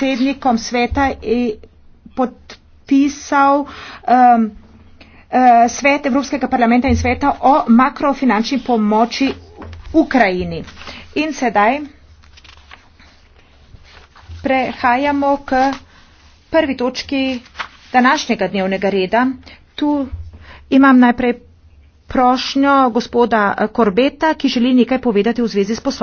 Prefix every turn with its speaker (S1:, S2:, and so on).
S1: predsednikom sveta podpisal um, uh, svet Evropskega parlamenta in sveta o makrofinančni pomoči Ukrajini. In sedaj prehajamo k prvi točki današnjega dnevnega reda. Tu imam najprej prošnjo gospoda Korbeta, ki želi
S2: nekaj povedati v zvezi s poslom.